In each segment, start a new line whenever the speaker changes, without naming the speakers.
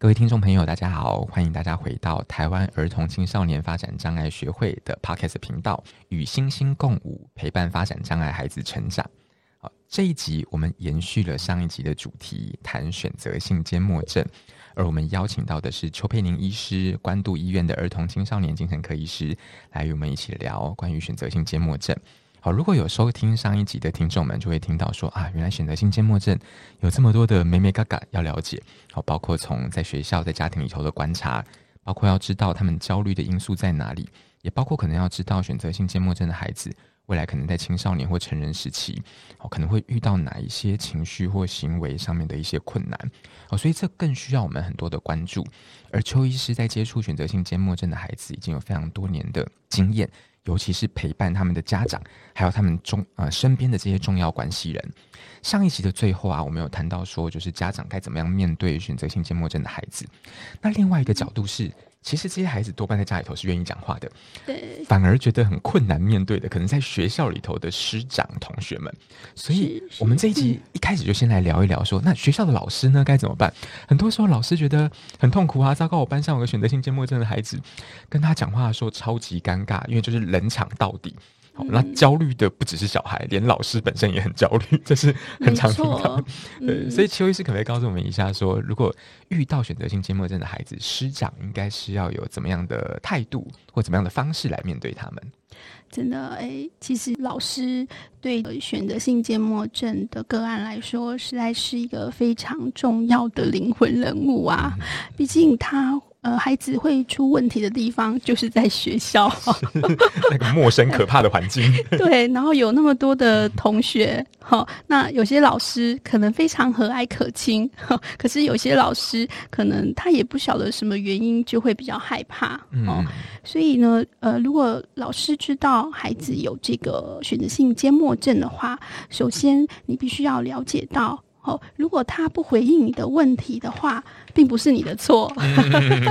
各位聽眾朋友，大家好，歡迎大家回到台灣兒童青少年發展障礙學會的 Podcast 頻道《與星星共舞》，陪伴發展障礙孩子成長。好，這一集我們延續了上一集的主題，談選擇性緘默症，而我們邀請到的是邱姵寧醫師，關渡醫院的兒童青少年精神科醫師，來與我們一起聊關於選擇性緘默症。好，如果有收聽上一集的聽眾們，就會聽到說啊，原來選擇性緘默症有這麼多的眉眉角角要了解。好，包括從在學校、在家庭裡頭的觀察，包括要知道他們焦慮的因素在哪裡，也包括可能要知道選擇性緘默症的孩子未來可能在青少年或成人時期，可能會遇到哪一些情緒或行為上面的一些困難。所以這更需要我們很多的關注。而邱醫師在接觸選擇性緘默症的孩子已經有非常多年的經驗。嗯尤其是陪伴他們的家長，還有他們中呃身邊的這些重要關係人。上一集的最後啊，我們有談到說，就是家長該怎麼樣面對選擇性緘默症的孩子。那另外一個角度是。其實這些孩子多半在家裡頭是願意講話的，對，反而覺得很困難面對的，可能在學校裡頭的師長同學們。所以，我們這一集一開始就先來聊一聊說，說那學校的老師呢，該怎麼辦？很多時候老師覺得很痛苦啊，糟糕！我班上有個選擇性緘默症的孩子，跟他講話的時候超級尷尬，因為就是冷場到底。嗯、那焦慮的不只是小孩，連老師本身也很焦慮，這是很常聽到。嗯、對，所以邱醫師可不可以告訴我們一下說，說如果遇到選擇性緘默症的孩子，師長應該是要有怎麼樣的態度或怎麼樣的方式來面對他們？
真的，哎、欸，其實老師對選擇性緘默症的個案來說，實在是一個非常重要的靈魂人物啊，畢、嗯、竟他。呃，孩子會出問題的地方就是在學校，
那個陌生可怕的環境。 對，
然後有那麼多的同學，哈、嗯哦，那有些老師可能非常和藹可親，可是有些老師可能他也不曉得什麼原因，就會比較害怕，哦、嗯，所以呢，呃，如果老師知道孩子有這個選擇性緘默症的話，首先你必須要了解到。哦，如果他不回應你的問題的話，並不是你的錯、
嗯嗯。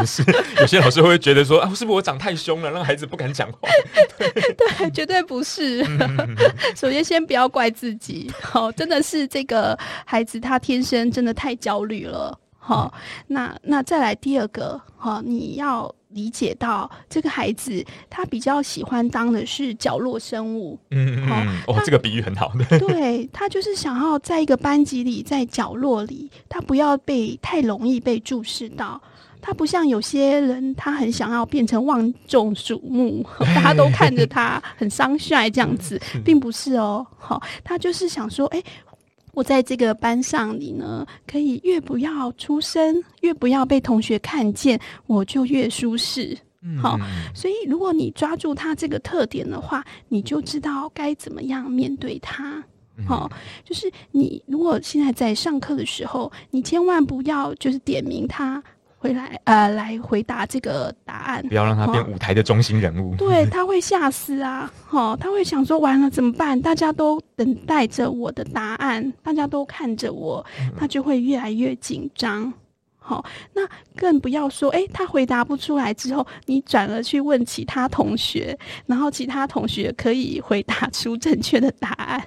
有些老師會覺得說 啊，是不是我長太兇了，讓孩子不敢講話？
對，對，絕對不是。嗯、首先，先不要怪自己。好、哦，真的是這個孩子他天生真的太焦慮了。好、哦，哦、那那再來第二個，哦、你要。理解到這個孩子，他比較喜歡當的是角落生物。
嗯嗯哦，這個比喻很好。
對 他就是想要在一個班級裡，在角落裡，他不要被太容易被注視到。他不像有些人，他很想要變成萬眾矚目，大家都看着他很傷帥這樣子， 並不是哦、喔。好、喔，他就是想說，哎、欸。我在這個班上裡呢，你可以越不要出聲，越不要被同學看見，我就越舒適。好、嗯，所以如果你抓住他這個特點的話，你就知道該怎麼樣面對他。好、嗯，就是你如果現在在上課的時候，你千萬不要就是點名他。回來呃來回答這個答案，不要讓他變舞
台的中心人物。哦、
對他會嚇死啊！哈、哦，他會想說完了怎麼辦？大家都等待着我的答案，大家都看着我，他就會越來越緊張。好、哦，那更不要說哎、欸，他回答不出來之後，你轉而去問其他同學，然後其他同學可以回答出正確的答案。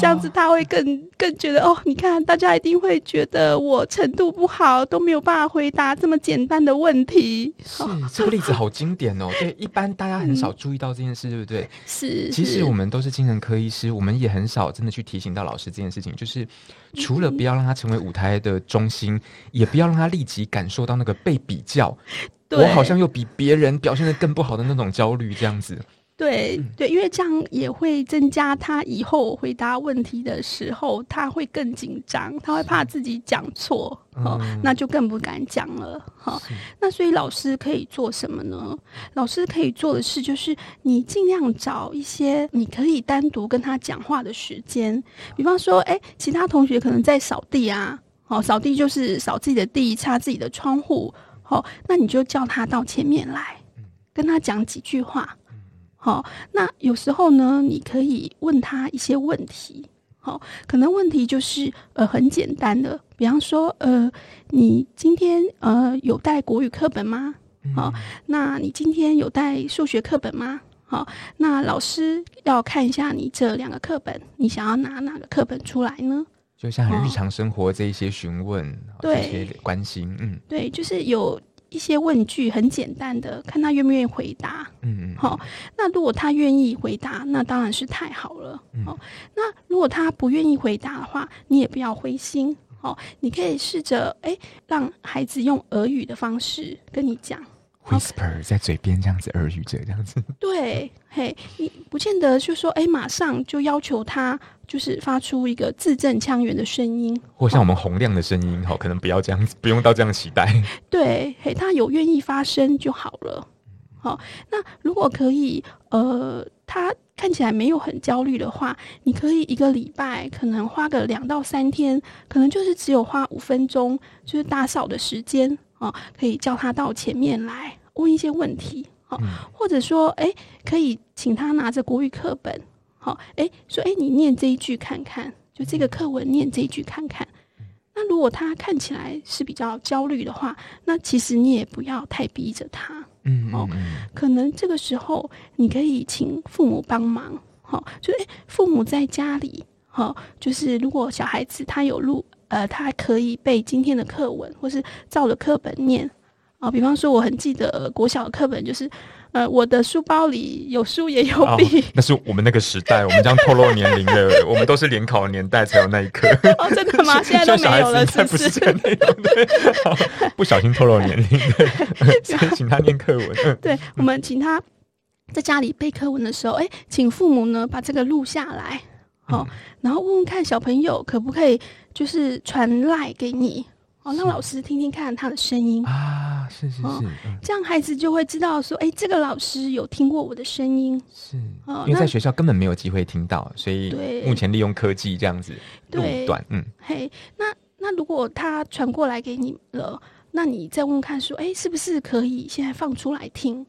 這樣子他會更更覺得哦，你看大家一定會覺得我程度不好，都沒有辦法回答這麼簡單的問題。
是這個例子好經典哦， 對，一般大家很少注意到這件事，嗯、對不對？是。其實我們都是精神科醫師，我們也很少真的去提醒到老師這件事情，就是除了不要讓他成為舞台的中心，嗯、也不要讓他立即感受到那個被比較，對我好像又比別人表現得更不好的那種焦慮，這樣子。
對對，因為這樣也會增加他以後回答問題的時候，他會更緊張，他會怕自己講錯，是哦，那就更不敢講了，哈、哦。是那所以老師可以做什麼呢？老師可以做的事就是，你儘量找一些你可以單獨跟他講話的時間，比方說，哎，其他同學可能在掃地啊，哦，掃地就是掃自己的地，擦自己的窗戶，哦，那你就叫他到前面來，跟他講幾句話。好，那有時候呢，你可以問他一些問題。好，可能問題就是呃很簡單的，比方說呃，你今天呃有帶國語課本嗎？好，嗯、那你今天有帶數學課本嗎？好，那老師要看一下你這兩個課本，你想要拿哪個課本出來呢？
就像很日常生活這一些詢問，嗯、這些關心，對、嗯，
對，就是有。一些問句很簡單的，看他願不願意回答。嗯，好。那如果他願意回答，那當然是太好了。好、嗯，那如果他不願意回答的話，你也不要灰心。好，你可以試着誒，讓孩子用耳語的方式跟你講。
whisper 好在嘴邊這樣子耳語着這樣子，
對，嘿，你不見得就是說，哎、欸，馬上就要求他就是發出一個字正腔圓的聲音，
或像我們洪亮的聲音，哈好，可能不要這樣子，不用到這樣期待。
對，嘿，他有願意發聲就好了，好，那如果可以，呃，他看起來沒有很焦慮的話，你可以一個禮拜可能花個兩到三天，可能就是只有花五分鐘，就是打掃的時間。可以叫他到前面來問一些問題，嗯，或者說，哎，可以請他拿着國語課本，好，哎，說，哎，你念這一句看看，就這個課文念這一句看看。那如果他看起來是比較焦慮的話，那其實你也不要太逼着他，嗯，嗯，嗯，可能這個時候你可以請父母幫忙，好，就哎，父母在家裡，好，就是如果小孩子他有路。呃，他還可以背今天的課文，或是照着課本念哦，比方說，我很記得國小課本，就是，呃，我的書包裡有書也有筆、哦。
那是我們那個時代，我們將透露年齡的， 我們都是聯考的年代才有那一刻。哦，真
的嗎？現在都沒有了。其實
是，不小心透露年齡的，先 請他念課文。
對，我們請他在家裡背課文的時候，哎、欸，請父母呢把這個錄下來。好、嗯哦，然後問問看小朋友可不可以，就是傳賴給你，哦，是讓老師聽聽看他的聲音啊，是是是，哦嗯、這樣孩子就會知道說，哎、欸，這個老師有聽過我的聲音，是，哦、因為在學
校根本沒有機會聽到，所以目前利用科技這樣子短、嗯對，對，嗯，
嘿，那那如果他傳過來給你了，那你再問問看說，哎、欸，是不是可以現在放出來聽？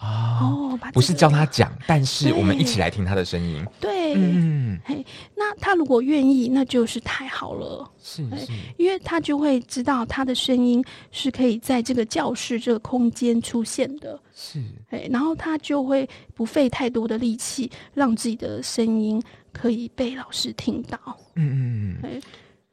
哦，不、這
個、是教他講，對但是我們一起來聽他的聲音。
對，嗯，嘿，那他如果願意，那就是太好了。是，是，是，因為他就會知道他的聲音是可以在這個教室這個空間出現的。是嘿，然後他就會不費太多的力氣，讓自己的聲音可以被老師聽到。嗯嗯嗯，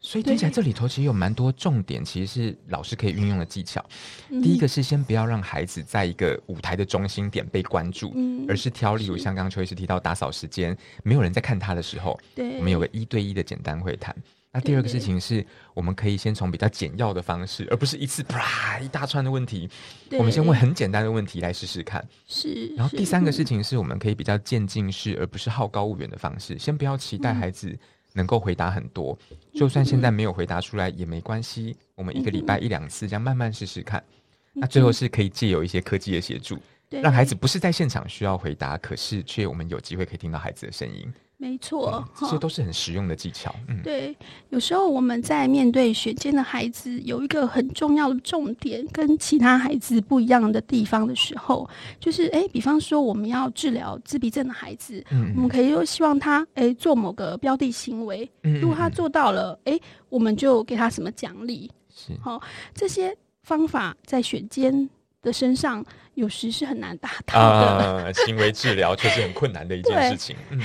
所以聽起來這裡頭其實有蠻多重點，其實是老師可以運用的技巧。
第一個是
先不要讓孩子在一個舞台的中心點被關注，而是挑例如像剛剛邱醫師提到打掃時間，沒有人在看他的時候，我們有個一對一的簡單會談。
那第二個事情
是，我們可以先從比較簡要的方式，而不是一次啪一大串的問題，我們先問很簡單的問題來試試看。是。然後第三個事情是，我們可以比較漸進式，而不是好高騖遠的方式，先不要期待孩子。能夠回答很多，就算現在沒有回答出來，嗯、哼也沒關係。我們一個禮拜一兩次這樣慢慢試試看，嗯、哼那最後是可以借由一些科技的協助，對讓孩子不是在現場需要回答，可是卻我們有機會可以聽到孩子的聲音。
沒錯，這些、嗯、都
是很實用的技巧。嗯，
對，有時候我們在面對選緘的孩子，有一個很重要的重點，跟其他孩子不一樣的地方的時候，就是，哎、欸，比方說我們要治療自閉症的孩子，嗯，嗯，我們可以就希望他、欸，做某個標的行為，嗯嗯嗯，如果他做到了，哎、欸，我們就給他什麼獎勵，是，好，這些方法在選緘。的身上有時是很難打
他的、啊。行為治療確實很困難的一件事情。嗯，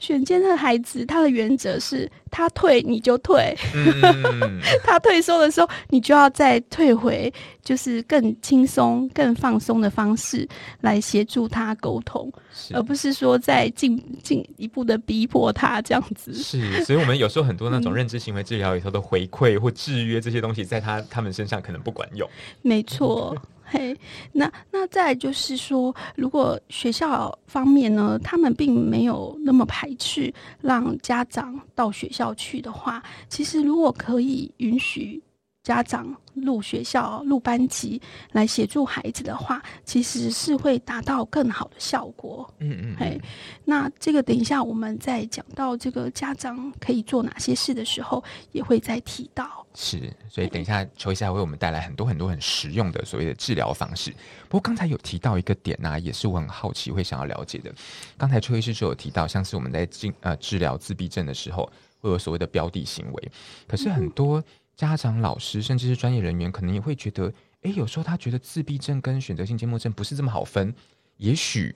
選緘的孩子，他的原則是：他退你就退。嗯嗯、 他退縮的時候，你就要再退回，就是更輕鬆、更放鬆的方式來協助他溝通，是而不是說再進進一步的逼迫他這樣子。是，所以，我
們有時候很多那種認知行為治療裡頭的回饋或制約這些東西，在他他們身上可能不管用錯。
沒錯。嘿，那那再來就是說，如果學校方面呢，他們並沒有那麼排斥讓家長到學校去的話，其實如果可以允許。家長入學校、入班級來協助孩子的話，其實是會達到更好的效果。嗯嗯,嗯嘿，那這個等一下我們在講到這個家長可以做哪些事的時候，也會再提到。
是，所以等一下邱嘿醫生還為我們帶來很多很多很實用的所謂的治療方式。不過剛才有提到一個點呢、啊，也是我很好奇會想要了解的。剛才邱醫師說有提到，像是我們在進呃治療自閉症的時候，會有所謂的標的行為，可是很多、嗯。家長、老師，甚至是專業人員，可能也會覺得，哎，有時候他覺得自閉症跟選擇性緘默症不是這麼好分。也許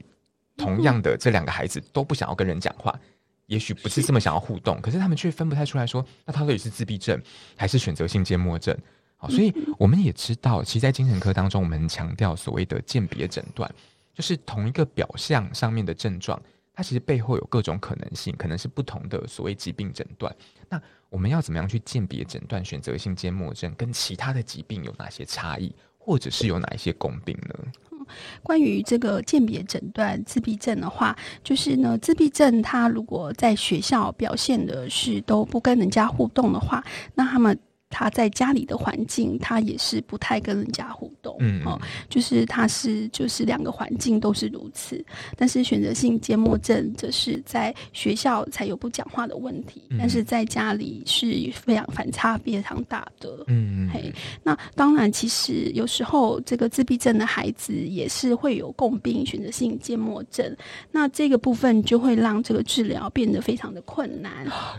同樣的這兩個孩子都不想要跟人講話，也許不是這麼想要互動，可是他們卻分不太出來說，那他到底是自閉症還是選擇性緘默症？好、哦，所以我們也知道，其實，在精神科當中，我們強調所謂的鑑別診斷，就是同一個表象上面的症狀。它其實背後有各種可能性，可能是不同的所謂疾病診斷。那我們要怎麼樣去鑑別診斷選擇性緘默症跟其他的疾病有哪些差異，或者是有哪一些共病呢？嗯，
關於這個鑑別診斷自閉症的話，就是呢，自閉症它如果在學校表現的是都不跟人家互動的話，嗯。那他們。他在家裡的環境，他也是不太跟人家互動，嗯，嗯，哦，就是他是就是兩個環境都是如此，但是選擇性緘默症則是在學校才有不講話的問題，嗯嗯，但是在家裡是非常反差非常大的，嗯，嗯，嘿，那當然，其實有時候這個自閉症的孩子也是會有共病選擇性緘默症，那這個部分就會讓這個治療變得非常的困難，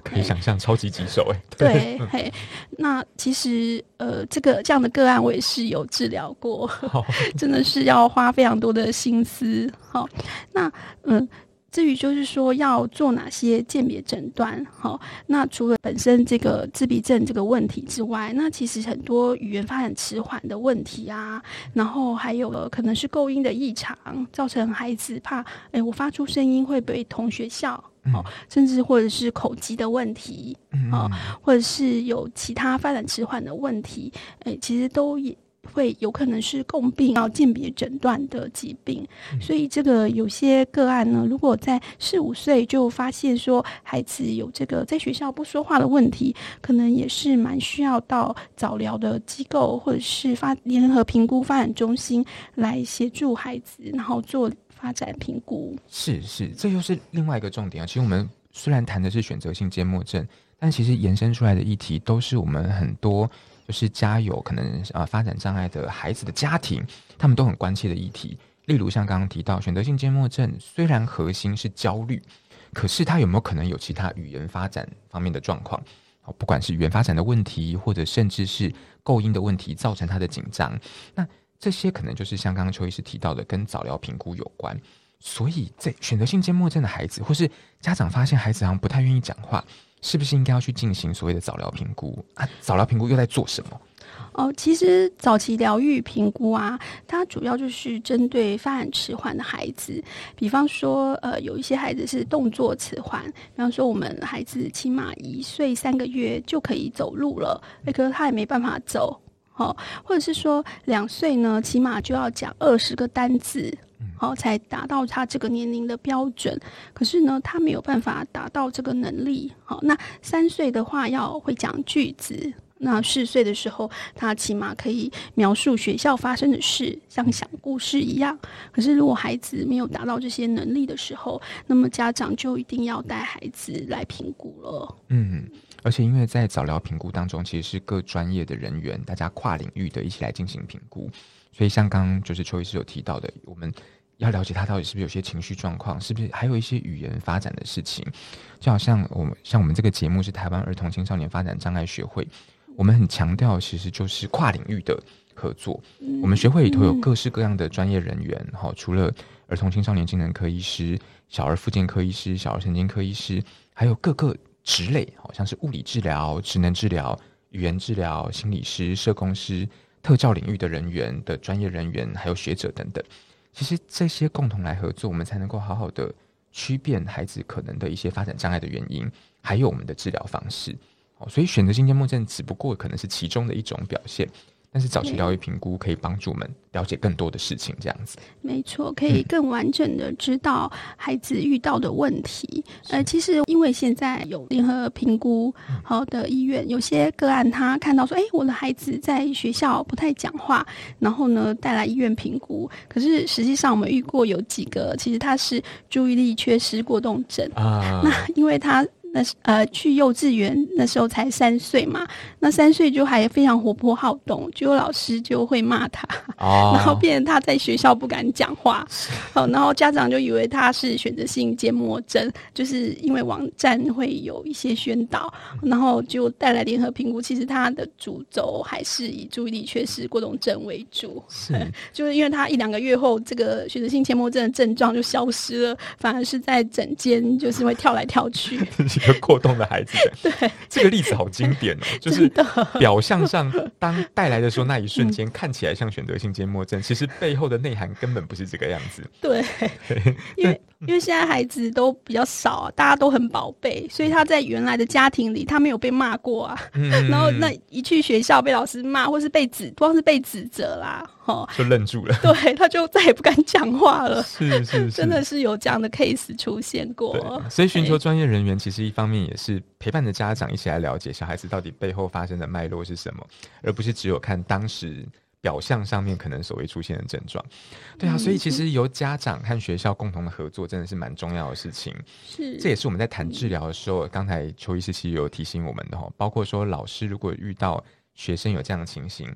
可以想象嘿超級棘手，欸，哎，
對，嘿，那。其實，呃，這個這樣的個案我也是有治療過，好 真的是要花非常多的心思。好，那嗯。至於就是說要做哪些鑑別診斷，好，那除了本身這個自閉症這個問題之外，那其實很多語言發展遲緩的問題啊，然後還有可能是構音的異常，造成孩子怕，哎、欸，我發出聲音會被同學笑，甚至或者是口肌的問題，啊，或者是有其他發展遲緩的問題，哎、欸，其實都也。會有可能是共病，要鑑別診斷的疾病，嗯、所以這個有些個案呢，如果在四五歲就發現說孩子有這個在學校不說話的問題，可能也是蠻需要到早療的機構或者是發聯合評估發展中心來協助孩子，然後做發展評估。
是是，這又是另外一個重點啊。其實我們雖然談的是選擇性緘默症，但其實延伸出來的議題都是我們很多。就是家有可能啊發展障礙的孩子的家庭，他們都很關切的議題。例如像剛剛提到選擇性緘默症，雖然核心是焦慮，可是他有沒有可能有其他語言發展方面的狀況？不管是語言發展的問題，或者甚至是構音的問題，造成他的緊張。那這些可能就是像剛剛邱醫師提到的，跟早療評估有關。所以在選擇性緘默症的孩子，或是家長發現孩子好像不太願意講話，是不是應該要去進行所謂的早療評估啊？早療評估又在做什麼？
哦，其實早期療育評估啊，它主要就是針對發展遲緩的孩子，比方說，呃，有一些孩子是動作遲緩，比方說我們孩子起碼一歲三個月就可以走路了，那可是他也沒辦法走。好，或者是說兩歲呢，起碼就要講二十個單字，好，嗯，才達到他這個年齡的標準。可是呢，他沒有辦法達到這個能力。好，那三歲的話要會講句子，那四歲的時候，他起碼可以描述學校發生的事，像講故事一樣。可是如果孩子沒有達到這些能力的時候，那麼家長就一定要帶孩子來評估了。嗯。
而且，因為在早療評估當中，其實是各專業的人員，大家跨領域的一起來進行評估。所以，像剛剛就是邱醫師有提到的，我們要了解他到底是不是有些情緒狀況，是不是還有一些語言發展的事情。就好像我們像我們這個節目是台灣兒童青少年發展障礙學會，我們很強調其實就是跨領域的合作。嗯、我們學會裡頭有各式各樣的專業人員，哈、嗯，除了兒童青少年精神科醫師、小兒復健科醫師、小兒神經科醫師，還有各個。職類好像是物理治療、職能治療、語言治療、心理師、社工師、特教領域的人員的專業人員，還有學者等等。其實這些共同來合作，我們才能夠好好的區辨孩子可能的一些發展障礙的原因，還有我們的治療方式。所以選擇性緘默症只不過可能是其中的一種表現。但是早期療育評估可以幫助我們了解更多的事情，這樣子。
沒錯，可以更完整的知道孩子遇到的問題。嗯、呃，其實因為現在有聯合評估好的醫院，嗯、有些個案他看到說，誒、欸，我的孩子在學校不太講話，然後呢帶來醫院評估。可是實際上我們遇過有幾個，其實他是注意力缺失過動症啊。嗯、那因為他。那是呃去幼稚園那時候才三歲嘛，那三歲就還非常活潑好動，就有老師就會罵他，哦、然後變成他在學校不敢講話，好是、哦，然後家長就以為他是選擇性緘默症，就是因為網站會有一些宣導，然後就帶來聯合評估，其實他的主軸還是以注意力缺失過動症為主，是， 就是因為他一兩個月後這個選擇性緘默症的症狀就消失了，反而是在診間，就是會跳來跳去。
過動的孩子的對，對這個例子好經典哦，就是表象上當帶來的時候，那一瞬間看起來像選擇性緘默症，嗯、其實背後的內涵根本不是這個樣子，對，
對，因為因為現在孩子都比較少，大家都很寶貝，所以他在原來的家庭裡他沒有被罵過啊。嗯嗯嗯。然後那一去學校被老師罵，或是被指，不光是被指責啦，齁，
就愣住了。
對，他就再也不敢講話了。是
是是，真的
是有這樣的 case 出現過。所以尋求
專業人員，其實一方面也是陪伴着家長一起來了解小孩子到底背後發生的脈絡是什麼，而不是只有看當時。表象上面可能所謂出現的症狀，對啊，所以其實由家長和學校共同的合作真的是蠻重要的事情。是，這也是我們在談治療的時候，剛才邱醫師其實有提醒我們的吼，包括說老師如果遇到學生有這樣的情形，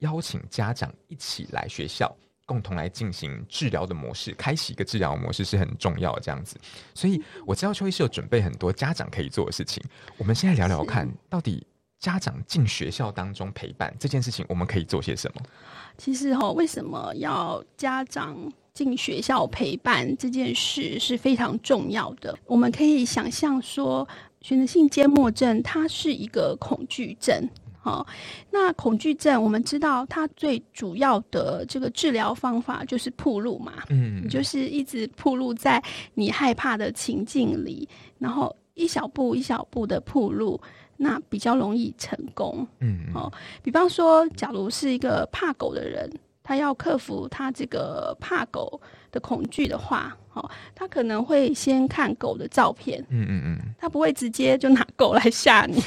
邀請家長一起來學校共同來進行治療的模式，開啟一個治療模式是很重要的。這樣子。所以我知道邱醫師有準備很多家長可以做的事情，我們先來聊聊看到底，家長進學校當中陪伴這件事情，我們可以做些什麼？
其實哈、哦，為什麼要家長進學校陪伴這件事是非常重要的。我們可以想象說，選擇性緘默症它是一個恐懼症、嗯哦、那恐懼症，我們知道它最主要的這個治療方法就是暴露嘛，嗯，就是一直暴露在你害怕的情境裡，然後一小步一小步的暴露。那比較容易成功，嗯，哦，比方說，假如是一個怕狗的人，他要克服他這個怕狗的恐懼的話，哦，他可能會先看狗的照片，嗯嗯嗯，他不會直接就拿狗來嚇你，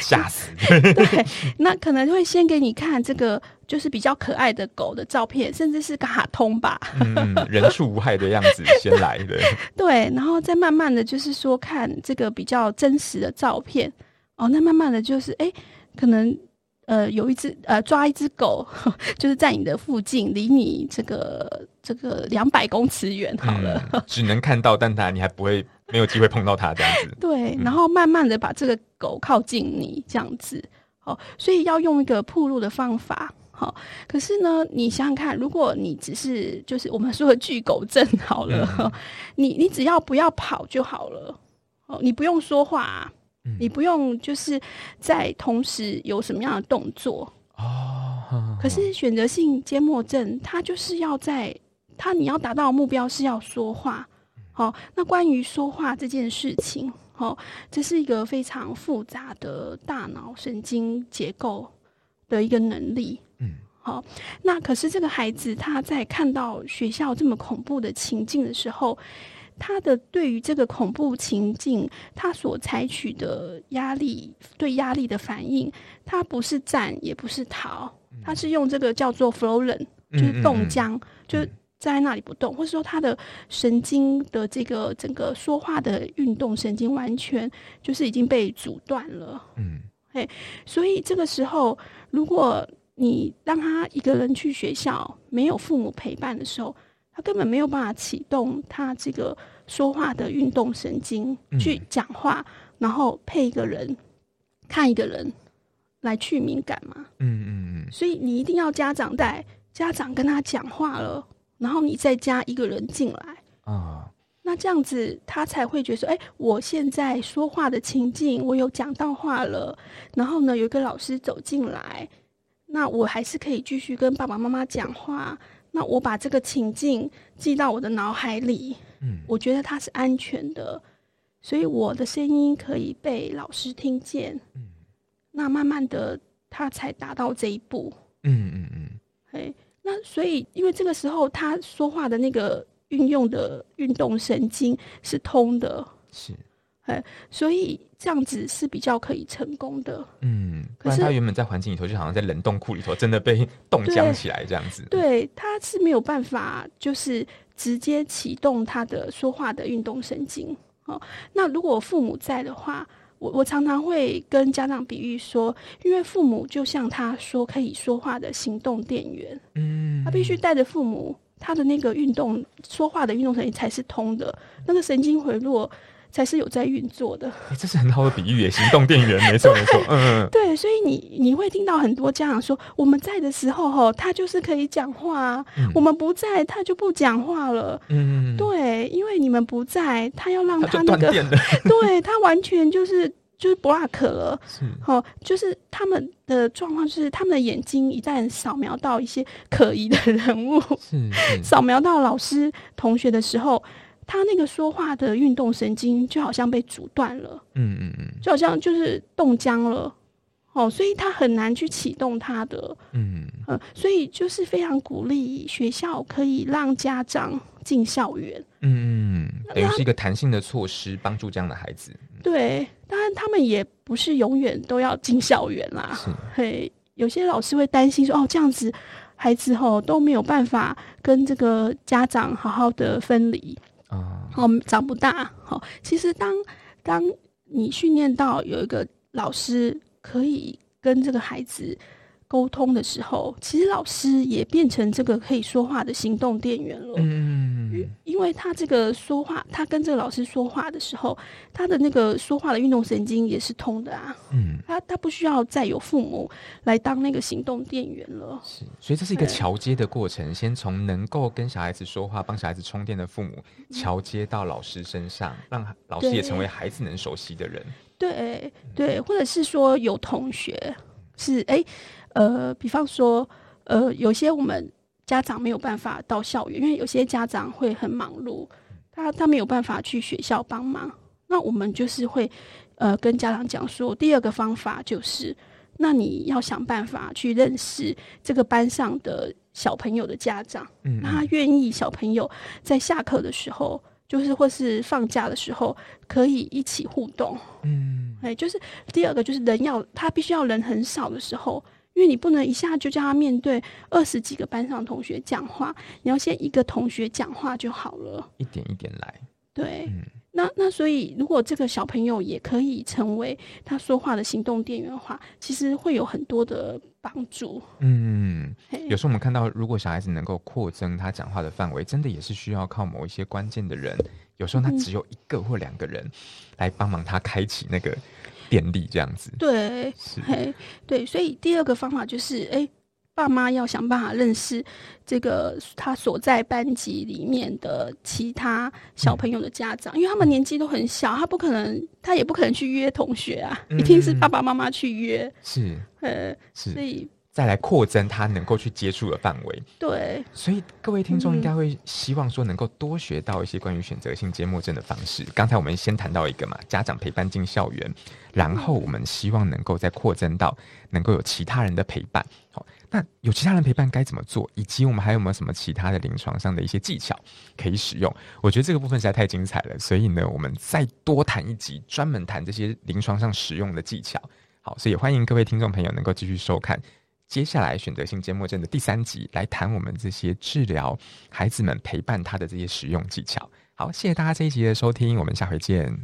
嚇 死了，
對，那可能會先給你看這個就是比較可愛的狗的照片，甚至是卡通吧，
嗯、人畜無害的樣子先來的
對，然後再慢慢的就是說看這個比較真實的照片。哦，那慢慢的就是哎、欸，可能呃有一隻呃抓一隻狗，就是在你的附近，離你這個這個兩百公尺遠好了、嗯。
只能看到， 但它你還不會沒有機會碰到它這樣
子。對，嗯、然後慢慢的把這個狗靠近你這樣子。哦，所以要用一個鋪路的方法。好、哦，可是呢，你想想看，如果你只是就是我們說的懼狗症好了，嗯、你你只要不要跑就好了。哦，你不用說話、啊。你不用，就是在同時有什麼樣的動作哦。可是選擇性緘默症，他就是要在他，你要達到的目標是要說話，好。那關於說話這件事情，好，這是一個非常複雜的大腦神經結構的一個能力。嗯，好。那可是這個孩子他在看到學校這麼恐怖的情境的時候。他的對於這個恐怖情境，他所採取的壓力對壓力的反應，他不是戰也不是逃，他是用這個叫做 frozen 就是凍僵，嗯嗯、就在那裡不動，或是說他的神經的這個整個說話的運動神經完全就是已經被阻斷了。嗯，嘿，所以這個時候，如果你讓他一個人去學校，沒有父母陪伴的時候。他根本沒有辦法啟動他這個說話的運動神經、嗯、去講話，然後配一個人看一個人來去敏感嘛。嗯嗯嗯。所以你一定要家長帶，家長跟他講話了，然後你再加一個人進來啊。那這樣子他才會覺得說，哎、欸，我現在說話的情境，我有講到話了。然後呢，有一個老師走進來，那我還是可以繼續跟爸爸媽媽講話。那我把這個情境記到我的腦海裡，嗯，我覺得它是安全的，所以我的聲音可以被老師聽見，嗯，那慢慢的他才達到這一步，
嗯
嗯嗯，嘿，那所以因為這個時候他說話的那個運用的運動神經是通的，是。所以這樣子是比較可以成功的。
嗯，可是他原本在環境裡頭，就好像在冷凍庫裡頭，真的被凍僵起來這樣子。
對，他是沒有辦法，就是直接啟動他的說話的運動神經。哦，那如果父母在的話，我我常常會跟家長比喻說，因為父母就像他說可以說話的行動電源。嗯，他必須帶着父母，他的那個運動說話的運動神經才是通的，那個神經迴路。才是有在運作的。
欸，這是很好的比喻耶 行動電源沒錯沒錯 對，嗯，嗯，
對，所以你你會聽到很多家長說，我們在的時候哈、哦，他就是可以講話、啊，嗯、我們不在他就不講話了，嗯嗯，對，因為你們不在，他要讓他、那個他 對，他完全就是就是 block 了，好是、哦，就是他們的狀況，就是他們的眼睛一旦掃描到一些可疑的人物，掃是是 描到老師同學的時候。他那個說話的運動神經就好像被阻斷了，嗯嗯嗯，就好像就是凍僵了，哦，所以他很難去啟動他的，嗯，所以就是非常鼓勵學校可以讓家長進校園，
嗯，嗯，等於是一個彈性的措施，幫助這樣的孩子。
對，當然他們也不是永遠都要進校園啦，是，嘿，有些老師會擔心說，哦，這樣子孩子吼都沒有辦法跟這個家長好好的分離。好長不大。好，其實當當你訓練到有一個老師，可以跟這個孩子。溝通的時候，其實老師也變成這個可以說話的行動電源
了。嗯，
因為他這個說話，他跟這個老師說話的時候，他的那個說話的運動神經也是通的啊。嗯，他他不需要再有父母來當那個行動電源了。是，所
以這是一個橋接的過程，對先從能夠跟小孩子說話，幫小孩子充電的父母橋接到老師身上，嗯、讓老師對也成為孩子能熟悉的人。
對對，或者是說有同學是哎。欸呃，比方說，呃，有些我們家長沒有辦法到校園，因為有些家長會很忙碌，他他沒有辦法去學校幫忙。那我們就是會，呃，跟家長講說，第二個方法就是，那你要想辦法去認識這個班上的小朋友的家長，嗯，嗯，他願意小朋友在下課的時候，就是或是放假的時候，可以一起互動，嗯，嗯，哎，就是第二個就是人要他必須要人很少的時候。因為你不能一下就叫他面對二十幾個班上同學講話，你要先一個同學講話就好了，一點一點來。對，嗯，那那所以如果這個小朋友也可以成為他說話的行動電源的話，其實會有很多的幫助。
嗯，有時候我們看到，如果小孩子能夠擴增他講話的範圍，真的也是需要靠某一些關鍵的人。有時候他只有一個或兩個人來幫忙他開啟那個。嗯便利，這樣子，
對是，嘿，對，所以第二個方法就是，哎、欸，爸媽要想辦法認識這個他所在班級裡面的其他小朋友的家長，嗯、因為他們年紀都很小，他不可能，他也不可能去約同學啊，嗯嗯一定是爸爸媽媽去約，
是，
呃、嗯，是所以。
再來擴增他能夠去接觸的範圍，
對，所以各位聽眾應該會
希望說能夠多學到一些關於選擇性緘默症的方式。剛才我們先談到一個嘛，家長陪伴進校園，然後我們希望能夠再擴增到能夠有其他人的陪伴。好、哦，那有其他人陪伴該怎麼做，以及我們還有沒有什麼其他的臨床上的一些技巧可以使用？我覺得這個部分實在太精彩了，所以呢，我們再多談一集，專門談這些臨床上使用的技巧。好，所以也歡迎各位聽眾朋友能夠繼續收看。接下來，選擇性緘默症的第三集，來談我們這些治療孩子們陪伴他的這些使用技巧。好，謝謝大家這一集的收聽，我們下回見。